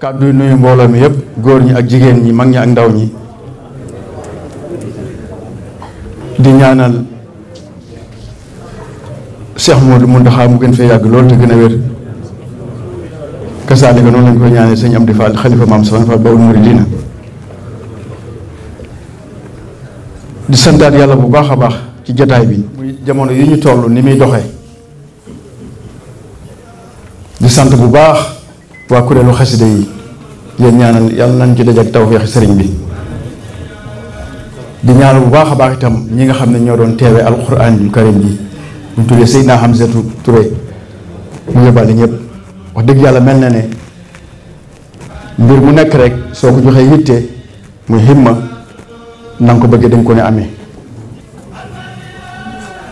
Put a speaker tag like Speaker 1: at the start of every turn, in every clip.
Speaker 1: kàddu nuyu mbooloo mi yëpp góor ñi ak jigéen ñi mag ñi ak ndaw ñi di ñaanal Cheikh Modou Mountakha mu mu gën fee yàgg loolu te gën a wér kasaalika noonu lañ koy ñaanee sëñ Amdi Fall xalifa maam Safan Fall Baol Mouridina di santaat yàlla bu baax a baax ci jotaay bi muy jamono yi ñu tollu ni muy doxé di sant bu baax wa waa kuréelu xasida yi yéen ñaanal yalla nañ ci dajje ak tawfiix sëriñ bi di ñaanal bu baax baax itam ñi nga xamne ne ñoo doon téwé alquran yu karim bi bu tuddee Seydina Hamza Touré mu yebal ñepp wax dëgg yalla melna né ne mbir mu nek rek soko joxé yitté yitte muy himma nang ko bëggee dañ ko né amé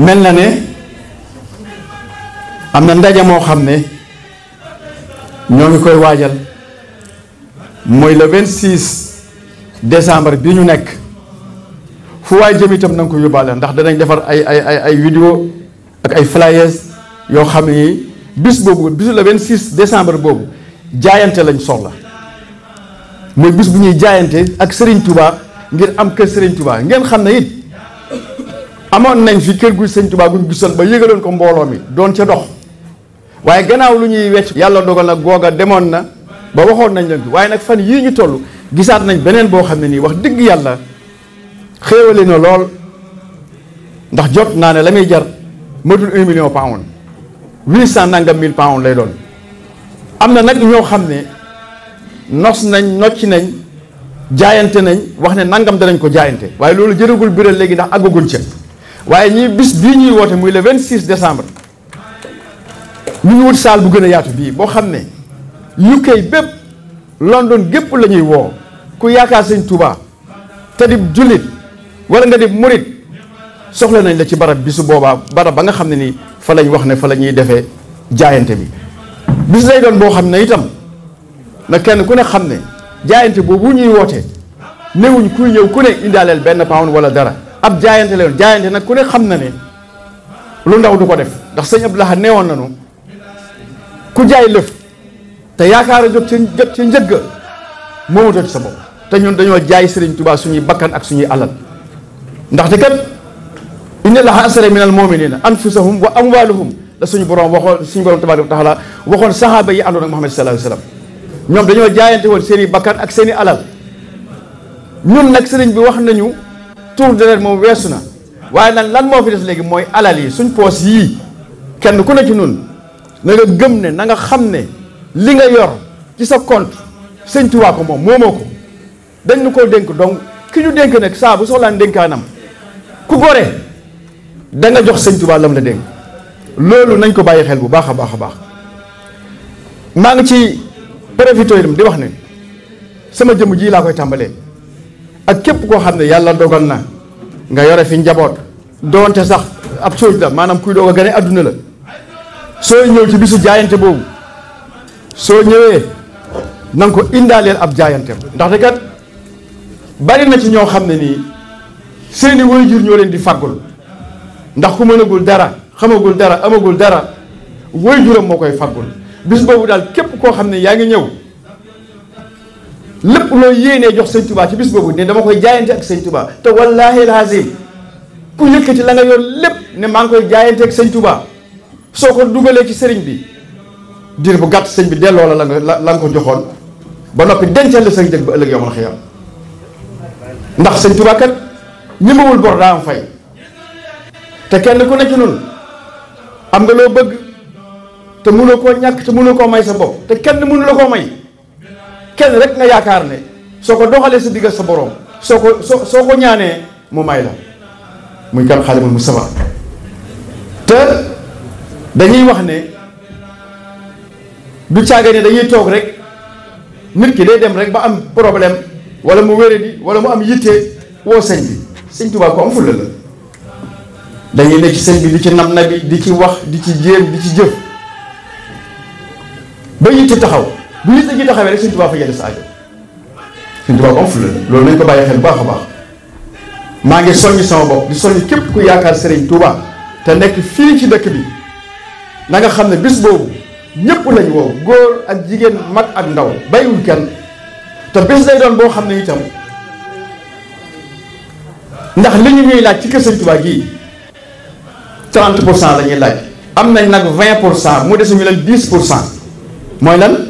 Speaker 1: mel na ne am na ndaje moo xam ne ñoo ngi koy waajal mooy le 26 décembre bi ñu nekk fu waay jëm itam na nga ko yóbbaale ndax danañ defar ay ay ay ay ak ay flyers yoo xam ne bis boobu bisu le 26 décembre boobu jaayante lañ soxla mooy bis bu ñuy jaayante ak Serigne Touba ngir am kër Serigne Touba ngeen xam ne it. amoon nañ fi kër gu sëñ Tuubaa guñ gisoon ba yëgaloon ko mbooloo mi doon ca dox waaye gannaaw lu ñuy wecc yàlla dogal nag googa demoon na ba waxoon nañ leen waaye nag fan yii ñu toll gisaat nañ beneen boo xam ne nii wax dëgg yàlla xéewale na lool ndax jot naa ne la muy jar matul un million pound huit nangam mille pound lay doon am na nag ñoo xam ne nos nañ nocc nañ jaayante nañ wax ne nangam danañ ko jaayante waaye loolu jëragul biral léegi ndax àggagul ca waaye ñii bis bii ñuy woote muy le 26 décembre ñu ngi wut saal bu gën a yaatu bii boo xam ne UK bépp London gépp la ñuy woo ku yaakaar sëñ Touba te di jullit wala nga di murit soxla nañ la ci barab bi su boobaa barab ba nga xam ne ni fa lañu wax ne fa la ñuy defee jaayante bi bis lay doon boo xam ne itam na kenn ku ne xam ne jaayante boobu ñuy woote néewuñ kuy ñëw ku ne indaaleel benn pound wala dara ab jaayante la jaayante nag ku ne xam na ne lu ndaw du ko def ndax sëñ Abdou Lahad neewoon nañu ku jaay lëf te yaakaar a jóg ci jot ci njëgg moomatoo ci sa bopp te ñun dañoo jaay Sëriñ Tuubaa suñuy bakkan ak suñuy alal ndaxte kat inna Allaha ashtara minal mu'minina anfusahum wa amwaalahum la suñu borom waxoon suñu borom tabaaraka wa taala waxoon saxaaba yi àndoon ak Muhammad sallallahu alayhi wa sallam ñoom dañoo jaayante woon seen i bakkan ak seeni i alal ñun nag sëriñ bi wax nañu tuur deret moom weesu na waaye nan lan moo fi def léegi mooy alal yi suñ poos yii kenn ku ne ci nun na nga gëm ne na nga xam ne li nga yor ci sa compte sëñ Tuubaa moom moomoo ko dañ nu ko dénk donc ki ñu dénk nag saa bu soxlaan dénkaanam ku gore da nga jox sëñ Tuubaa lam la dénk loolu nañ ko bàyyi xel bu baax a baax a baax maa ngi ci profité itam di wax ne sama jëmm ji laa koy tàmbalee ak képp koo xam ne yàlla dogal na nga yore fi njaboot doonte sax ab sóoj la maanaam kuy doog a gane adduna la soo ñëw ci bisu jaayante boobu soo ñëwee na nga ko indaaleel ab jaayanteem ndaxte kat bari na ci ñoo xam ne nii seeni waajur ñoo leen di faggul ndax ku mënagul dara xamagul dara amagul dara waajuram moo koy faggul bis boobu daal képp koo xam ne yaa ngi ñëw lépp loo yéenee jox sëñ Tuubaa ci bis boobu ne dama koy jaayante ak sëñ Tuubaa te wallaahi alazim ku yëkkati la nga yor lépp ne maa ngi koy jaayante ak sëñ Tuubaa soo ko dugalee ci sëriñ bi diir bu gàtt sëñ bi delloo la la nga ko joxoon ba noppi dencal la sa njëg ba ëllëg yomal xiyam ndax sëñ Tuubaa kat ñemewul bor daa te kenn ku ne ci nun nga loo bëgg te mënoo koo ñàkk te mënoo koo may sa bopp te kenn mënu la koo may. kenn rek nga yaakaar ne soo ko doxalee sa diggal sa borom soo ko soo soo ko ñaanee mu may la muy kan mu Mustafa te dañuy wax ne du caaga ne dañuy toog rek nit ki day dem rek ba am problème wala mu wéradi wala mu am yitte woo sëñ bi sëñ Tuubaa ko am fulla la dañuy ne ci sëñ bi di ci nam na di ci wax di ci jéem di ci jëf ba yitte taxaw bu nit ñi taxawee rek Sëñ Tuubaa fa jëlee sa aajo Sëñ Tuubaa am fu la loolu nañ ko bàyyi xel bu baax a baax maa ngi soññ sama bopp di soññ képp ku yaakaar Serigne Touba te nekk fii ci dëkk bi na nga xam ne bis boobu ñëpp lañ woo góor ak jigéen mag ak ndaw bàyyiwul kenn te bis lay doon boo xam ne itam ndax li ñu ñuy laaj ci kër Sëñ Tuubaa gii 30 pour cent la laaj am nañ nag 20 pour cent mu des ñu leen 10 pour cent mooy lan.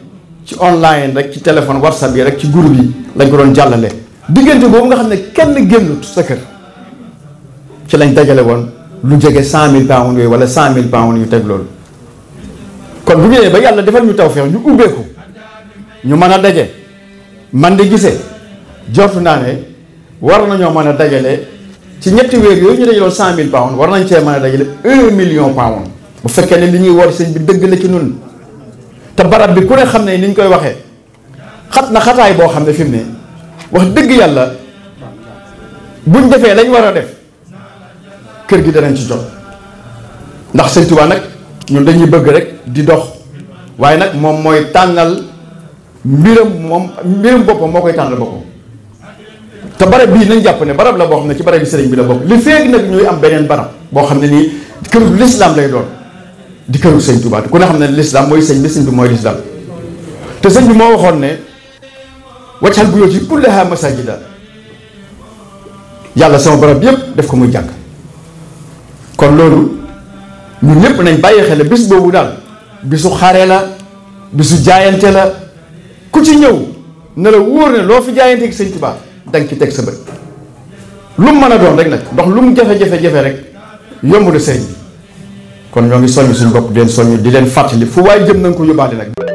Speaker 1: ci online rek ci téléphone whatsapp yi rek ci groupe yi lañ ko doon jàllale diggante boobu nga xam ne kenn génnut sa kër ci lañ dajale woon lu jege cent mille pounds yooyu wala cent mille pounds yu teg loolu kon bu ñëwee ba yàlla defal ñu tawfeex ñu ubbeeku ñu mën a daje man di gisee jortu naa ne war nañoo mën a dajale ci ñetti weer yooyu ñu dajaloon cent mille pounds war nañ cee mën a dajale un million pounds bu fekkee ne li ñuy war sëñ bi dëgg la ci noonu te barab bi ku ne xam ne ni ñu koy waxee xat na xataay boo xam ne fi mu ne wax dëgg yàlla buñ defee lañ war a def kër gi danañ ci jot ndax sëñ Tuubaa nag ñun dañuy bëgg rek di dox waaye nag moom mooy tànnal mbiram moom mbiram boppam moo koy tànnal boppam te barab bii nañ jàpp ne barab la boo xam ne ci barab bi sëriñ bi la bokk li feeg nag ñuy am beneen barab boo xam ne nii kër lislaam lay doon di këru sëñ Touba ku ne xam ne lislaam mooy sañ bi bi mooy lislaam te sëñ bi moo waxoon ne waccal bu yoot ma kullaha daal yàlla sama barab yëpp def ko muy jàkk kon loolu ñun ñëpp nañ bàyyi xel bés boobu daal bi bisu xare la su jaayante la ku ci ñëw ne la wóor ne loo fi jaayante ak sëñ Touba danga ci teg sa bët lu mu mën a doon rek nag ndox lu mu jafe-jafe-jafe rek yomb na sëñ bi kon ñoo ngi soññ suñ bopp di leen soññ di leen fàttali fu waay jëm nañ ko yóbbaale nag.